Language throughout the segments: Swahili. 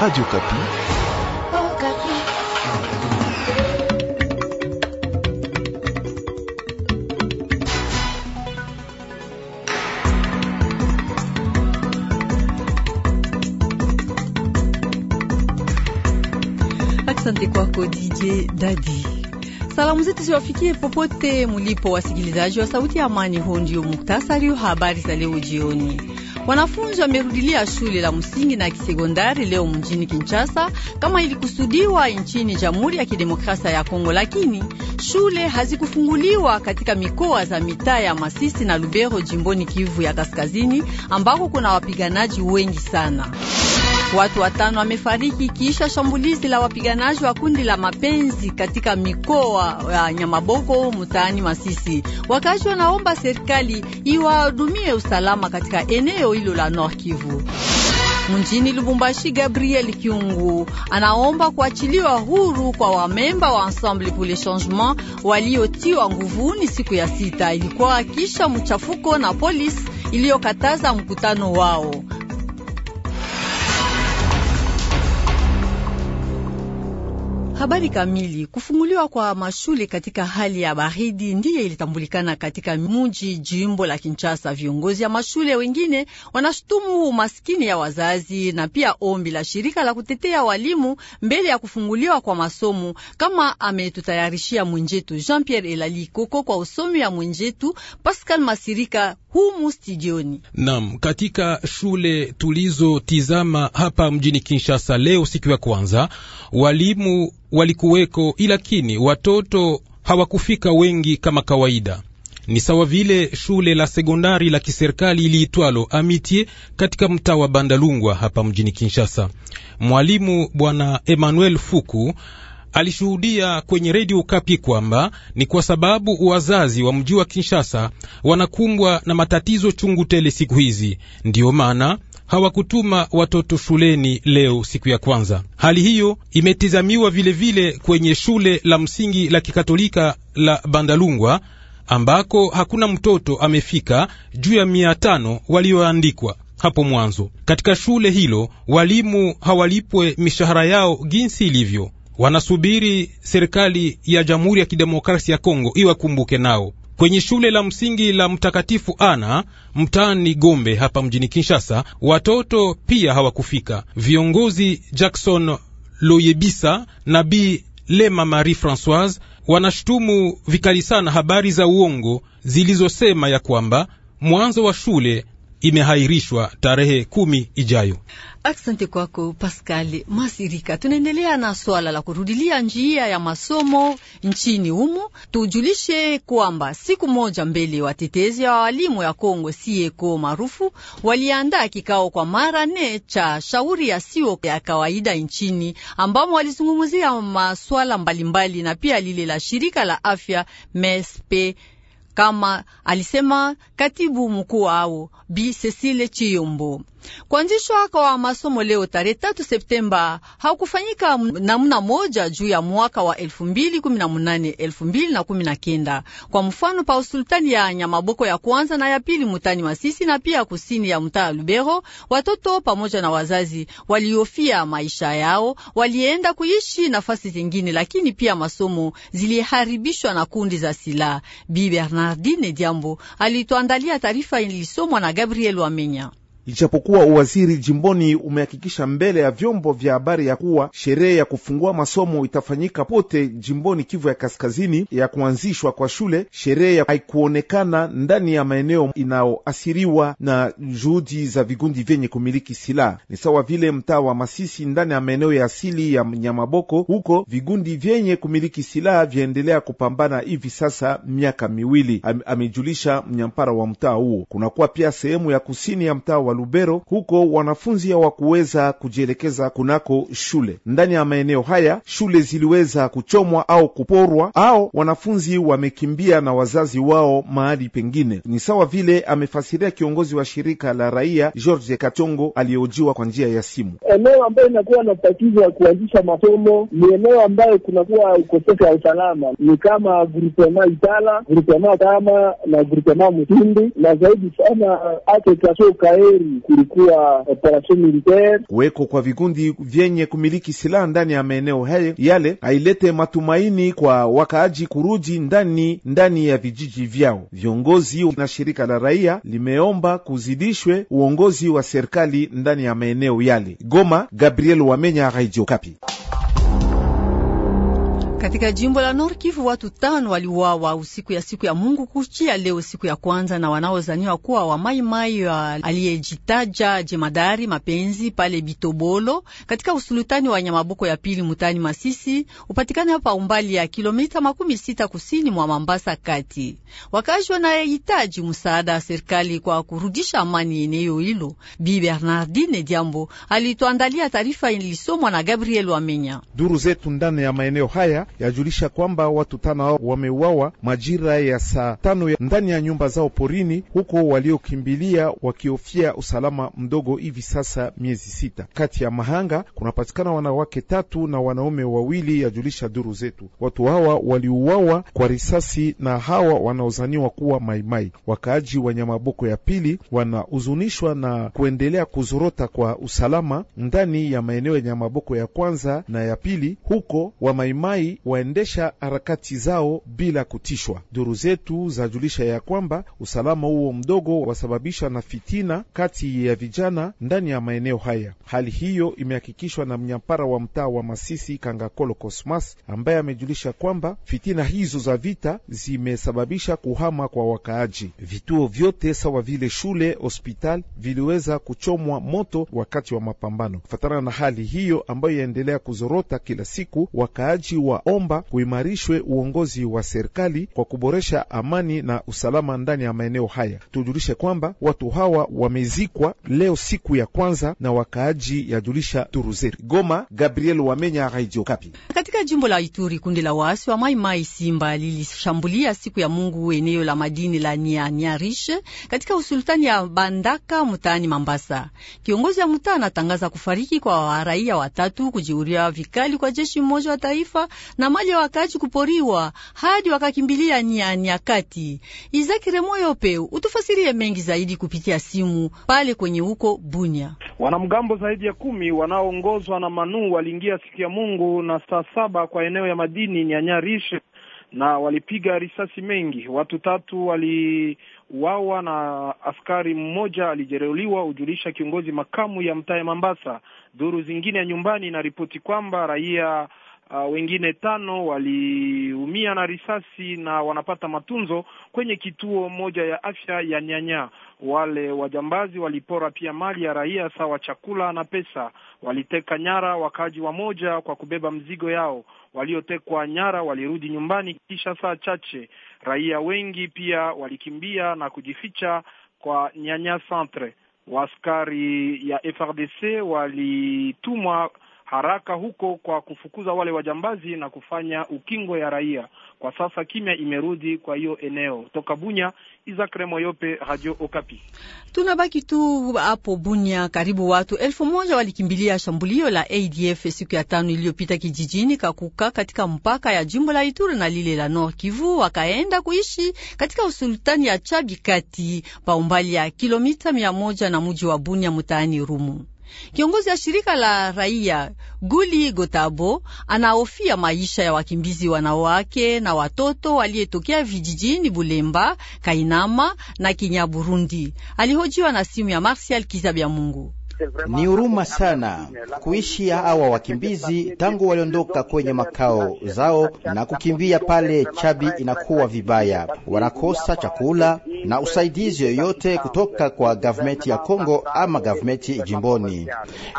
Radio Kapi. Oh, Kapi. Asante kwako DJ Dadi. Salamu zetu ziwafikie popote mulipo, wasikilizaji wa Sauti ya Amani. Huu ndio muktasari wa habari za leo jioni. Wanafunzi wamerudilia shule la msingi na kisekondari leo mjini Kinshasa kama ilikusudiwa nchini Jamhuri ya Kidemokrasia ya Kongo, lakini shule hazikufunguliwa katika mikoa za mitaa ya Masisi na Lubero jimboni Kivu ya Kaskazini ambako kuna wapiganaji wengi sana. Watu watano wamefariki kisha shambulizi la wapiganaji wa kundi la mapenzi katika mikoa ya Nyamaboko mtaani Masisi. Wakazi wanaomba serikali iwahudumie usalama katika eneo hilo la North Kivu. Mjini Lubumbashi, Gabriel Kyungu anaomba kuachiliwa huru kwa wamemba wa Ensemble pour le Changement waliotiwa nguvuni siku ya sita, ilikuwa kisha mchafuko na polisi iliyokataza mkutano wao. Habari kamili. Kufunguliwa kwa mashule katika hali ya baridi ndiye ilitambulikana katika muji jimbo la Kinshasa. Viongozi ya mashule wengine wanashutumu umaskini ya wazazi na pia ombi la shirika la kutetea walimu mbele ya kufunguliwa kwa masomo, kama ametutayarishia mwenjetu Jean Pierre Elali Koko kwa usomi ya mwenjetu Pascal Masirika humu studioni. nam katika shule tulizotizama hapa mjini Kinshasa leo siku ya kwanza walimu walikuweko, ilakini watoto hawakufika wengi kama kawaida. Ni sawa vile shule la sekondari la kiserikali iliitwalo amitie katika mtaa wa Bandalungwa hapa mjini Kinshasa. Mwalimu bwana Emmanuel Fuku alishuhudia kwenye redio Kapi kwamba ni kwa sababu wazazi wa mji wa Kinshasa wanakumbwa na matatizo chungu tele siku hizi, ndiyo maana hawakutuma watoto shuleni leo siku ya kwanza. Hali hiyo imetizamiwa vilevile vile kwenye shule la msingi la kikatolika la Bandalungwa ambako hakuna mtoto amefika juu ya mia tano walioandikwa hapo mwanzo katika shule hilo. Walimu hawalipwe mishahara yao jinsi ilivyo, wanasubiri serikali ya Jamhuri ya Kidemokrasia ya Kongo iwakumbuke nao. Kwenye shule la msingi la Mtakatifu Ana mtaani Gombe hapa mjini Kinshasa, watoto pia hawakufika. Viongozi Jackson Loyebisa na Bi Lema Marie Francoise wanashutumu vikali sana habari za uongo zilizosema ya kwamba mwanzo wa shule imehairishwa tarehe kumi ijayo. Asante kwako Pascal Masirika. Tunaendelea na swala la kurudilia njia ya masomo nchini humo. Tujulishe kwamba siku moja mbele watetezi wa walimu ya Kongo sieko maarufu waliandaa kikao kwa mara nne cha shauri ya sio ya kawaida nchini, ambamo walizungumzia maswala mbalimbali na pia lile la shirika la afya mespe kama alisema katibu mkuu ao Bi Cecile Chiyombo. Kuanzishwa kwa masomo leo tarehe tatu Septemba hakufanyika namna moja juu ya mwaka wa na kenda Kwa mfano pa usultani ya Nyamaboko ya kwanza na ya pili mutani Masisi na pia kusini ya mtaa Lubero, watoto pamoja na wazazi waliofia maisha yao walienda kuishi nafasi zingine, lakini pia masomo ziliharibishwa na kundi za silaha. Bi Bernard Bernardine Diambo alituandalia taarifa ilisomwa na Gabriel Wamenya. Ijapokuwa uwaziri jimboni umehakikisha mbele ya vyombo vya habari ya kuwa sherehe ya kufungua masomo itafanyika pote jimboni Kivu ya Kaskazini, ya kuanzishwa kwa shule, sherehe haikuonekana ndani ya maeneo inayoasiriwa na juhudi za vigundi vyenye kumiliki silaha. Ni sawa vile mtaa wa Masisi ndani ya maeneo ya asili ya Nyamaboko, huko vigundi vyenye kumiliki silaha vyaendelea kupambana hivi sasa miaka miwili, amejulisha mnyampara wa mtaa huo. Kunakuwa pia sehemu ya kusini ya mtaa wa Lubero, huko wanafunzi hawakuweza kujielekeza kunako shule. Ndani ya maeneo haya shule ziliweza kuchomwa au kuporwa, au wanafunzi wamekimbia na wazazi wao mahali pengine. Ni sawa vile amefasiria kiongozi wa shirika la raia George Katongo aliyehojiwa kwa njia ya simu. Eneo ambayo inakuwa na tatizo ya kuanzisha masomo ni eneo ambayo kunakuwa ukosefu wa usalama, ni kama grupema Itala, grupema Kama na grupema mtindi na zaidi sana Ake Kaso Kaeri Mashariki kulikuwa operation militaire. Kuweko kwa vikundi vyenye kumiliki silaha ndani ya maeneo hayo yale hailete matumaini kwa wakaaji kurudi ndani ndani ya vijiji vyao. Viongozi na shirika la raia limeomba kuzidishwe uongozi wa serikali ndani ya maeneo yale. Goma, Gabriel Wamenya, Radio Kapi. Katika jimbo la Nord Kivu watu tano waliuawa usiku ya siku ya Mungu kuchia leo siku ya kwanza na wanaozaniwa kuwa wa maimai aliyejitaja jemadari mapenzi pale Bitobolo katika usulutani wa Nyamaboko ya pili mutani Masisi upatikane hapa umbali ya kilomita makumi sita kusini mwa Mambasa kati. Wakazi wanahitaji msaada wa serikali kwa kurudisha amani eneo hilo. Bi Bernardine Diambo alituandalia taarifa ilisomwa na Gabriel Wamenya. Duru zetu ndani ya maeneo haya yajulisha kwamba watu tano wameuawa majira ya saa tano ya ndani ya nyumba zao porini, huko waliokimbilia wakihofia usalama mdogo. Hivi sasa miezi sita, kati ya mahanga kunapatikana wanawake tatu na wanaume wawili, yajulisha duru zetu. Watu hawa waliuawa kwa risasi na hawa wanaozaniwa kuwa maimai. Wakaaji wa Nyamaboko ya pili wanahuzunishwa na kuendelea kuzorota kwa usalama ndani ya maeneo ya Nyamaboko ya kwanza na ya pili, huko wamaimai waendesha harakati zao bila kutishwa. Duru zetu zajulisha ya kwamba usalama huo mdogo wasababishwa na fitina kati ya vijana ndani ya maeneo haya. Hali hiyo imehakikishwa na mnyampara wa mtaa wa Masisi Kangakolo Cosmas, ambaye amejulisha kwamba fitina hizo za vita zimesababisha kuhama kwa wakaaji. Vituo vyote sawa vile shule, hospitali viliweza kuchomwa moto wakati wa mapambano. Kufatana na hali hiyo ambayo yaendelea kuzorota kila siku, wakaaji wa wanaomba kuimarishwe uongozi wa serikali kwa kuboresha amani na usalama ndani ya maeneo haya. Tujulishe kwamba watu hawa wamezikwa leo siku ya kwanza na wakaaji, yajulisha Turuzeri Goma. Gabriel Wamenya, Radio Kapi. Katika jimbo la Ituri, kundi la waasi wa Maimai Simba lilishambulia siku ya Mungu eneo la madini la Niariche katika usultani ya Bandaka mtaani Mambasa. Kiongozi wa mtaa anatangaza kufariki kwa raia watatu, kujiuria vikali kwa jeshi mmoja wa taifa na na mali ya kuporiwa hadi wakakimbilia nia nyakati. Izaki Remoyo Peu utufasirie mengi zaidi kupitia simu pale kwenye huko Bunya. Wanamgambo zaidi ya kumi wanaoongozwa na Manu waliingia siku ya Mungu na saa saba kwa eneo ya madini Nyanyarishe na walipiga risasi mengi. Watu tatu waliuawa na askari mmoja alijeruhiwa, hujulisha kiongozi makamu ya mtaa ya Mambasa. Dhuru zingine ya nyumbani inaripoti kwamba raia uh, wengine tano waliumia na risasi na wanapata matunzo kwenye kituo moja ya afya ya Nyanya. Wale wajambazi walipora pia mali ya raia sawa chakula na pesa. Waliteka nyara wakaaji wa moja kwa kubeba mzigo yao. Waliotekwa nyara walirudi nyumbani kisha saa chache. Raia wengi pia walikimbia na kujificha kwa Nyanya Centre. waskari ya FRDC walitumwa haraka huko kwa kufukuza wale wajambazi na kufanya ukingo ya raia. Kwa sasa kimya imerudi kwa hiyo eneo. Toka Bunya, Izakre Moyope, Radio Okapi. Tunabaki tu hapo Bunya, karibu watu elfu moja walikimbilia shambulio la ADF siku ya tano iliyopita kijijini Kakuka katika mpaka ya jimbo la Ituri na lile la Nord Kivu, wakaenda kuishi katika usultani ya Chabi kati pa umbali ya kilomita mia moja na muji wa Bunya mtaani Rumu. Kiongozi ya shirika la raia Guli Gotabo anaofia maisha ya wakimbizi wanawake na watoto waliyetokea vijijini Bulemba, Kainama na Kinyaburundi. Alihojiwa na simu ya Marsial Kizabya Mungu ni huruma sana kuishi ya hawa wakimbizi. Tangu waliondoka kwenye makao zao na kukimbia pale Chabi, inakuwa vibaya, wanakosa chakula na usaidizi yoyote kutoka kwa gavumenti ya Kongo ama gavumenti jimboni.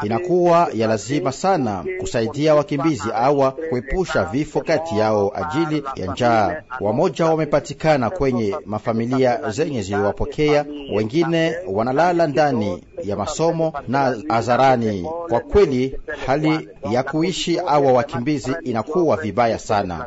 Inakuwa ya lazima sana kusaidia wakimbizi hawa kuepusha vifo kati yao ajili ya njaa. Wamoja wamepatikana kwenye mafamilia zenye ziliwapokea, wengine wanalala ndani ya masomo na hadharani. Kwa kweli hali ya kuishi awa wakimbizi inakuwa vibaya sana.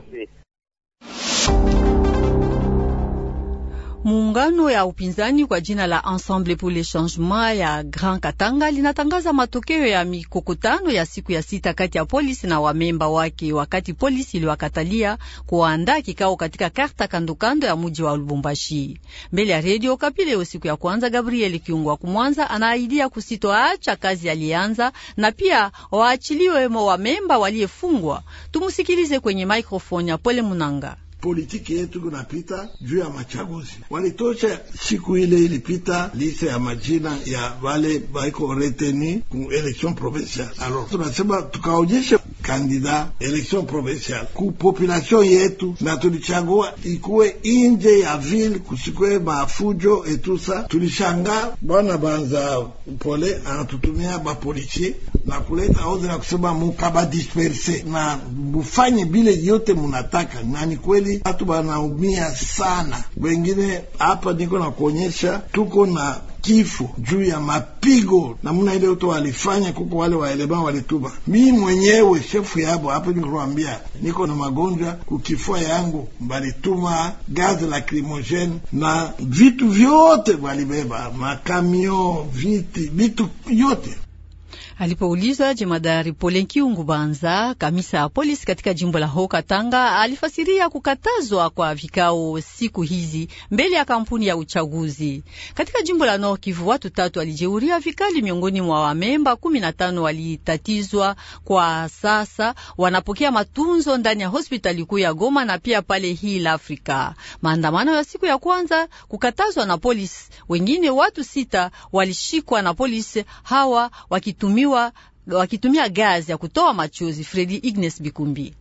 Muungano ya upinzani kwa jina la Ensemble pour le Changement ya Grand Katanga linatangaza matokeo ya mikokotano ya siku ya sita kati ya polisi na wamemba wake, wakati polisi iliwakatalia kuandaa kikao katika karta kandokando ya muji wa Lubumbashi. Mbele ya redio Kapile o siku ya kwanza, Gabriel Kiungwa Kumwanza anaahidia kusitoacha kazi alianza na pia waachiliwemo wamemba waliyefungwa. Tumusikilize kwenye maikrofoni ya Pole Munanga politiki yetu kunapita juu ya machaguzi. Walitosha siku ile ilipita liste ya majina ya wale baiko reteni ku election provinciale. Alors tunasema tukaonyesha kandida election provinciale ku population yetu, na tulichagua ikuwe inje ya ville, kusikuwe mafujo etusa. Tulishanga bwana banza pole anatutumia bapolisie na kuleta ozi na kusema mukaba disperse na mufanye bile yote munataka, na ni kweli watu wanaumia sana. Wengine hapa niko na kuonyesha, tuko na kifo juu ya mapigo namuna ile uto walifanya kuko wale waelema walituba. Mi mwenyewe shefu yabo hapo nikuambia, niko na magonjwa kukifua yangu, balituma gazi lacrimogene na vitu vyote walibeba, makamio, viti, vitu yote Alipouliza jemadari Polenkiungu Banza, kamisa ya polisi katika jimbo la Hoka Tanga, alifasiria kukatazwa kwa vikao siku hizi mbele ya kampuni ya uchaguzi katika jimbo la Nord Kivu. Watu tatu alijeuria vikali, miongoni mwa wamemba 15 walitatizwa. Kwa sasa wanapokea matunzo ndani ya hospitali kuu ya Goma na pia pale Hill Africa. Maandamano ya siku ya kwanza kukatazwa na polisi, wengine watu sita walishikwa na polisi hawa wakitumiwa wakiwa wakitumia gazi ya kutoa machozi. Fredi Ignes Bikumbi.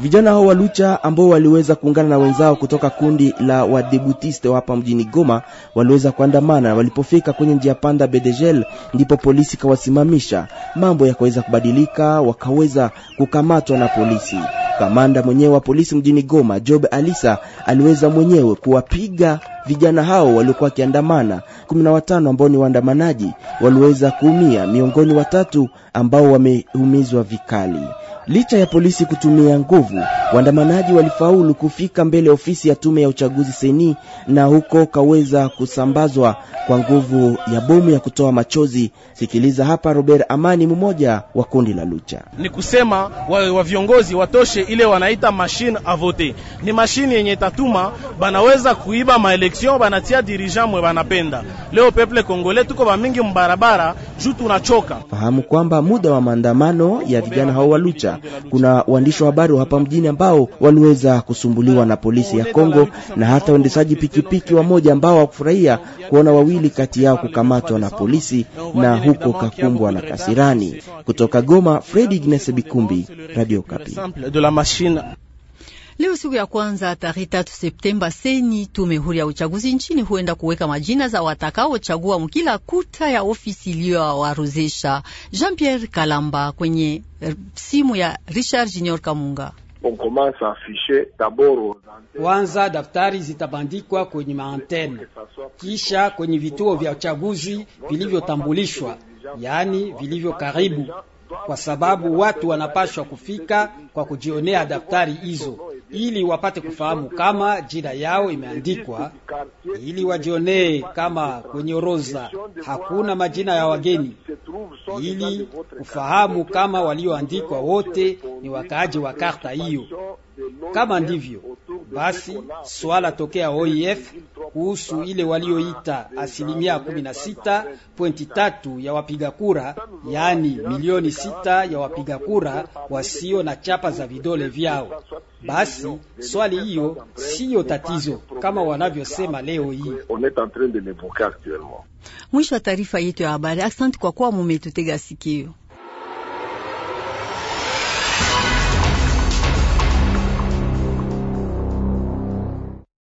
Vijana hao wa Lucha ambao waliweza kuungana na wenzao kutoka kundi la wadebutiste hapa mjini Goma waliweza kuandamana. Walipofika kwenye njia panda Bedegel, ndipo polisi kawasimamisha, mambo yakaweza kubadilika, wakaweza kukamatwa na polisi. Kamanda mwenyewe wa polisi mjini Goma Job Alisa aliweza mwenyewe kuwapiga Vijana hao waliokuwa wakiandamana 15 ambao ni waandamanaji waliweza kuumia, miongoni watatu ambao wameumizwa vikali. Licha ya polisi kutumia nguvu, waandamanaji walifaulu kufika mbele ofisi ya tume ya uchaguzi seni, na huko kaweza kusambazwa kwa nguvu ya bomu ya kutoa machozi. Sikiliza hapa Robert Amani, mmoja wa kundi la Lucha. Ni kusema wa, wa viongozi watoshe ile wanaita mashine avote ni mashine yenye tatuma banaweza kuiba maeleksio election banatia dirigeant mwe banapenda. Leo peuple congolais tuko mingi mbarabara juu tunachoka. Fahamu kwamba muda wa maandamano ya vijana hao wa Lucha, kuna waandishi wa habari hapa mjini ambao waliweza kusumbuliwa na polisi ya Kongo na hata waendeshaji pikipiki wamoja ambao hawakufurahia kuona wawili kati yao kukamatwa na polisi na huko kakumbwa na kasirani. Kutoka Goma, Fred Ignace Bikumbi, Radio Kapi. Leo siku ya kwanza tarehe tatu Septemba, seni tume huru ya uchaguzi nchini huenda kuweka majina za watakaochagua mkila kuta ya ofisi iliyowaruzisha. Jean Pierre Kalamba kwenye eh, simu ya Richard Junior Kamunga. Kwanza daftari zitabandikwa kwenye maantene, kisha kwenye vituo vya uchaguzi vilivyotambulishwa, yaani vilivyo karibu, kwa sababu watu wanapashwa kufika kwa kujionea daftari hizo ili wapate kufahamu kama jina yao imeandikwa, ili wajionee kama kwenye orodha hakuna majina ya wageni, ili kufahamu kama walioandikwa wote ni wakaaji wa karta hiyo. Kama ndivyo basi, swala tokea OIF e kuhusu ile walioita asilimia kumi tatu ya wapiga kura, yaani milioni sita ya wapiga kura wasio na chapa za vidole vyao basi swali hiyo siyo tatizo kama wanavyosema leo hii. Mwisho wa taarifa yetu ya habari. Asante kwa kuwa mumetutega sikio.